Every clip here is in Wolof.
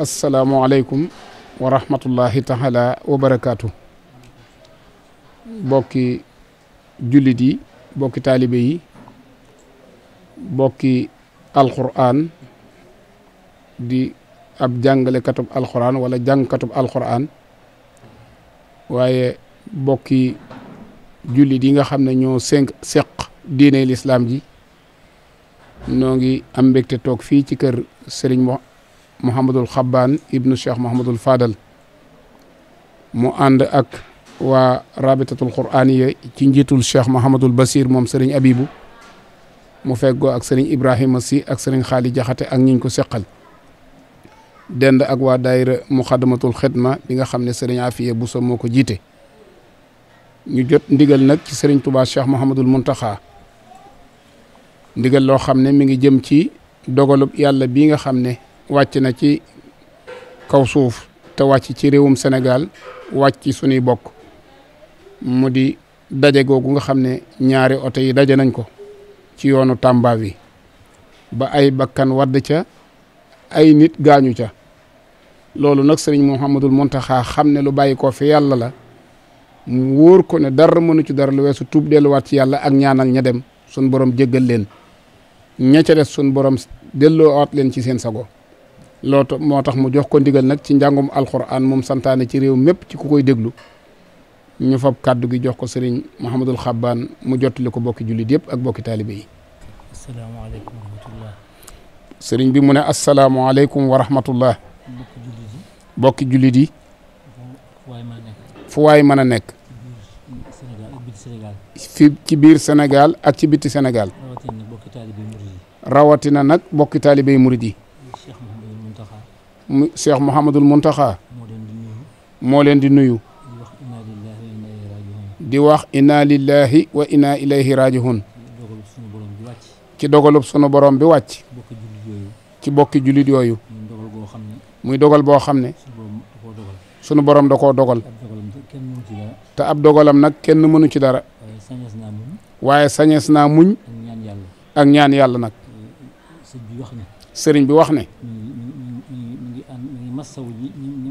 asalaamualeykum wa rahmatullahi taala wa bokki jullit yi bokki taalibe yi bokki alquran di ab jàngalekatub alquran wala jàngkatub alquran waaye bokki jullit yi nga xam ne ñoo senq diine lislaam ji noo ngi am mbégte toog fii ci kër sëriñ mo Mouhamadul Xabbaan ibnu sheikh Mouhamadul Fadal mu ànd ak waa rabitatul quraaniya ci njiitul Cheikh Mouhamadul Basir moom sëriñ Abibu mu feggoo ak sëriñ Ibrahima si ak sëriñ Xaali Jaxate ak ñiñ ko seqal dend ak waa daayira muxadamatul xidma bi nga xam ne sëriñ Afiya Buso moo ko jiite ñu jot ndigal nag ci sëriñ Touba Cheikh Mouhamadul Muntaxa ndigal loo xam ne mi ngi jëm ci dogalub yàlla bi nga xam ne wàcc na ci kaw suuf te wàcc ci réewum senegal wàcc ci sunuy bokk mu di daje googu nga xam ne ñaari oto yi daje nañ ko ci yoonu Tamba wi ba ay bakkan wadd ca ay nit gaañu ca loolu nag sëriñ Mouhamadul xaa xam ne lu bàyyi koo fi yàlla la mu wóor ko ne dara mënu ci dara lu weesu tuub delluwaat ci yàlla ak ñaanal ña dem sun borom jéggal leen ña ca des sun borom delloowaat leen ci seen sago looto moo tax mu jox ko ndigal nag ci njàngum alxuraan moom santaane ci réew mépp ci ku koy déglu ñu fab kàddu gi jox ko sëriñ Mouhamadul Xabbaan mu jottali ko bokki jullit yëpp ak bokki taalibe yi. bi mu ne asalaamaaleykum wa rahmatullah. bokki jullit yi. fu waay mën a nekk. ci biir Sénégal ak ci biti Sénégal. rawatina nag bokki taalibe yi mu Cheikh Mouhamadul Muntaxa moo leen di nuyu di wax inna lillahi wa inna ilayhi raajihun ci dogalub sunu borom bi wàcc ci bokki jullit yooyu muy dogal boo xam ne sunu borom da koo dogal te ab dogalam nag kenn mënu ci dara waaye sañees na muñ ak ñaan yàlla nag sëriñ bi wax ne massawu ñi ñi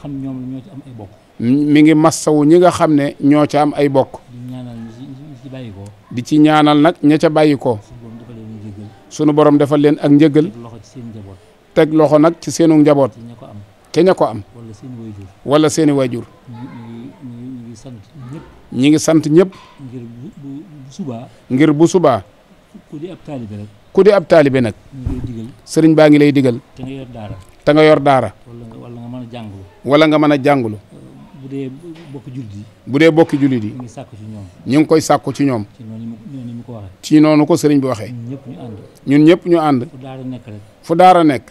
xam ñoo mi ngi massawu ñi nga xam ne ñoo ca am ay bokk. di ci di ci ñaanal nag ña ca bàyyi ko. sunu borom defal leen ak njëgal. teg loxo nag ci seenu njaboot. te ña ko am. wala seeni waajur. ñi ngi sant ñëpp. ñi ngi sant ñëpp. ngir bu subaa. ngir bu subaa. ku di ab taalibe nag. sëriñ baa ngi lay digal. te nga yor daara. te nga wala nga mën a jàngulu. wala nga mën a jàngulu. bu dee bokk jullit yi. bu dee bokk jullit yi. ñu ngi sàkku ñoom. ñu ngi koy sàkku ci ñoom. ci noonu ko ci noonu ko sëriñ bi waxee. ñun ñëpp ñu ànd. ñun ñëpp ñu ànd. fu daara nekk fu daara nekk.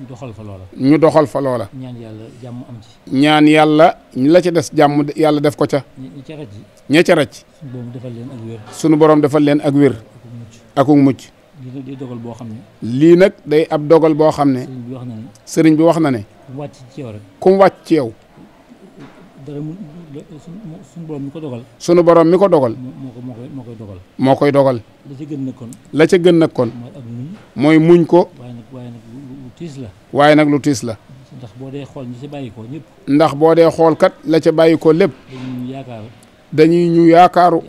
ñu doxal fa loola. ñu doxal fa loola. ñaan yàlla jàmm am ñaan yàlla ñu la ca des jàmm yàlla def ko ca. ña ca rëcc. ña sunu borom defal leen ak wér. sunu borom defal leen ak wér. akuk mucc. di dogal boo xam ne. lii nag day ab dogal boo xam ne. sëriñ bi wax na ne. sëriñ bi wax na ne. wàcc ci yow wàcc ci yow. dara sunu borom mi ko dogal. sunu borom mi ko dogal. moo koy dogal. moo koy dogal. la ca gën nag kon. la ca gën nag mooy muñ ko. waaye nag lu tiis la. waaye nag lu tiis la. ndax boo dee xool ñi ci bàyyi ñëpp. ndax boo dee xool kat la ca bàyyi ko lépp. dañuy ñu yaakaaru. dañuy ñu yaakaaru.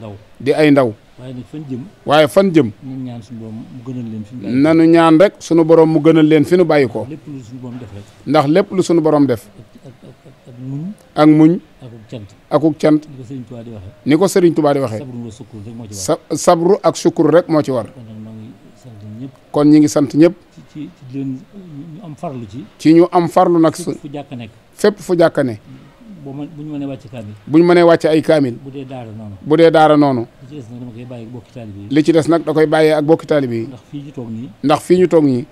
ndaw. di ay ndaw. waaye nag fan jëm. waaye fan jëm. nañu ñaan suñu borom mu gënal leen fi. nañu ñaan rek suñu borom mu gënal leen fi nu bàyyi ko. lépp lu suñu borom def rek. ndax lépp lu suñu borom def. ak muñ. ak muñ. cant ni ko Serigne Touba di waxee. ni ko Serigne Touba di waxee. sabru ak sukkur rek moo ci war. kon ñi ngi sant ñëpp. ci ñu am farlu ci. ci ñu am farlu nag. fépp fu jàkka nekk. fépp fu jàkka nekk. bu ñu mënee wàcc kaamil. bu ñu mënee wàcc ay kaamil. bu dee daara noonu. li ci des nag da koy bàyyee ak bokki taalibe yi. ndax fii ñu toog nii. ndax fii ñu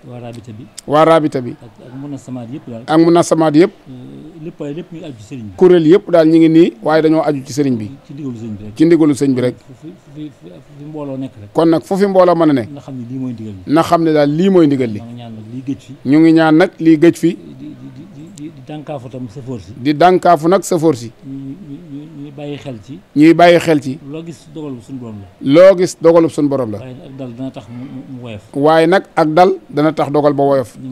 waa raabita bi. waa raabita bi. ak munasamaat yëpp daal. ak munasamaat yëpp. Euh, lépp waaye lépp ñu ngi aju ci sëriñ bi. kuréel yëpp daal ñu ngi nii waaye dañoo aju ci sëriñ bi. ci ndigalu sëriñ bi rek. kon nag fu fi mbooloo mën a ne. ne na xam ne daal lii mooy ndigal li. ñu ngi ñaan nag lii gëj fi. dànkaafu tam sëfoor si. di dànkaafu nag sëfoor si. ñuy bàyyi xel ci. ñuy bàyyi xel ci. loo gis dogalub suñ borom la. loo gis dogalub suñu borom la. waaye nag ak dal dana tax mu woyof. nag ak dal dana tax dogal ba woyof. ñu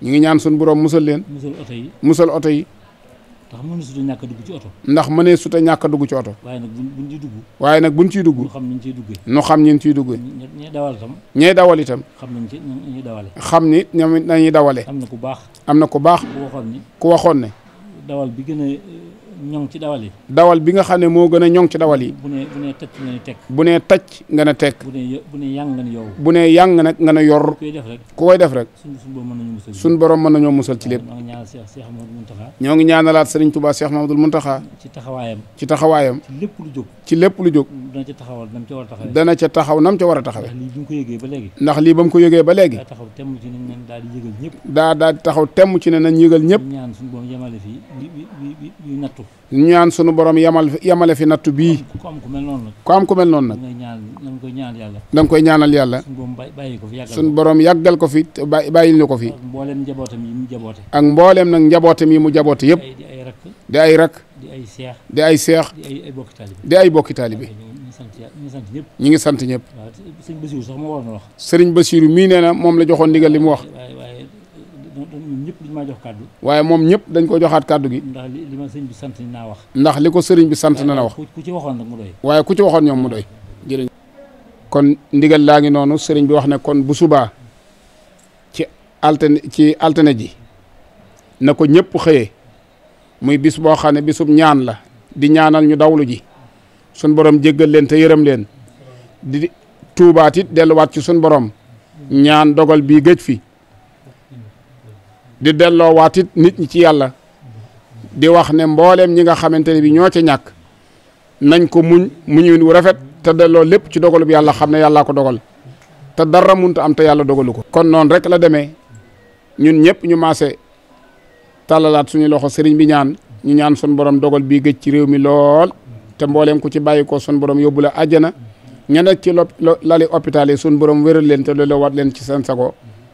ngi ñaan suñu borom musal leen. musal oto yi. musal oto yi. ndax mënee su ta ñàkk dugg ci oto ndax mënee su ta ñàkk dugg ci oto waaye nag buñ ciy dugg waaye nag buñ ciy dugg nu xam ñun ciy duggee nu xam ñun ciy duggee ñay dawal itam ñay dawal itam xam nañ ci ñuy dawale xam ni ñoom nañuy dawale am na ku baax am na ku baax ku waxoon ni ku waxoon ne dawal bi gën ñoŋ ci dawal yi. dawal bi nga xam ne moo gën a ñoŋ ci dawal yi. bu bu ne tekk. bu nee tëcc nga ne tekk. bu nee bu nee yàng nga ne yow. bu nee yàng nag nga ne yor. ku koy def rek ku koy def rek. suñ borom mën nañoo ci lépp. ñoo ngi ñaanalaat ci taxawaayam. ci taxawaayam. ci lépp lu jóg. ci lépp lu jóg. dana ca taxawal nam ca war a taxawee. dana ca taxaw nam ca war a taxawee. ndax lii ba mu ko yëgee ba léegi. daa daal di taxaw temm ci ne nañ yëgal ñëpp. ñaan suñu borom yemale fii nattu. ñaan sunu borom yamal yamale fi nattu bii. ko am ku mel noonu nag. ku da nga koy ñaanal yàlla. da nga koy ñaanal yàlla. sunu borom yàggal ko fi te bàyyil ñu ko fi. ak mbooleem njabootam yi mu jaboote. ak mbooleem nag njabootam yi mu jaboote yëpp. di ay rak. di ay rak. di ay seex. di ay seex. di ay bokki taalibe. di ay bokki taalibe. ñu ngi sant ñëpp. waaw sëriñ mii nee na moom la joxoon ndigal li mu wax. ñoom ñëpp dañ maa jox kàddu waaye moom ñëpp dañ ko joxaat kàddu gi ndax li ma sëriñ bi naa wax ndax li ko sëriñ bi sant na na wax ku ci waxoon nag mu doy waaye ku ci waxoon ñoom mu doy kon ndigal laa ngi noonu sëriñ bi wax ne kon bu subaa ci altine ci altine ji na ko ñëpp xëye muy bis boo xam ne bisub ñaan la di ñaanal ñu dawlu ji sun borom jéggal leen te yërëm leen di tuubaat it delluwaat ci sun borom ñaan dogal bii gëj fi di delloowaat it nit ñi ci yàlla di wax ne mbooleem ñi nga xamante ne bi ñoo ca ñàkk nañ ko muñ muñu wu rafet te delloo lépp ci dogalub yàlla xam ne yàllaa ko dogal te dara mënut am te yàlla dogalu ko. kon noonu rek la demee ñun ñëpp ñu maase tàllalaat suñu loxo sëriñ bi ñaan ñu ñaan sun borom dogal bii gëj ci réew mi lool te mbooleem ku ci bàyyi ko sun borom yóbbu la àjjana ña nekk ci lali hôpital yi sun borom wéral leen te delloowaat leen ci seen sago.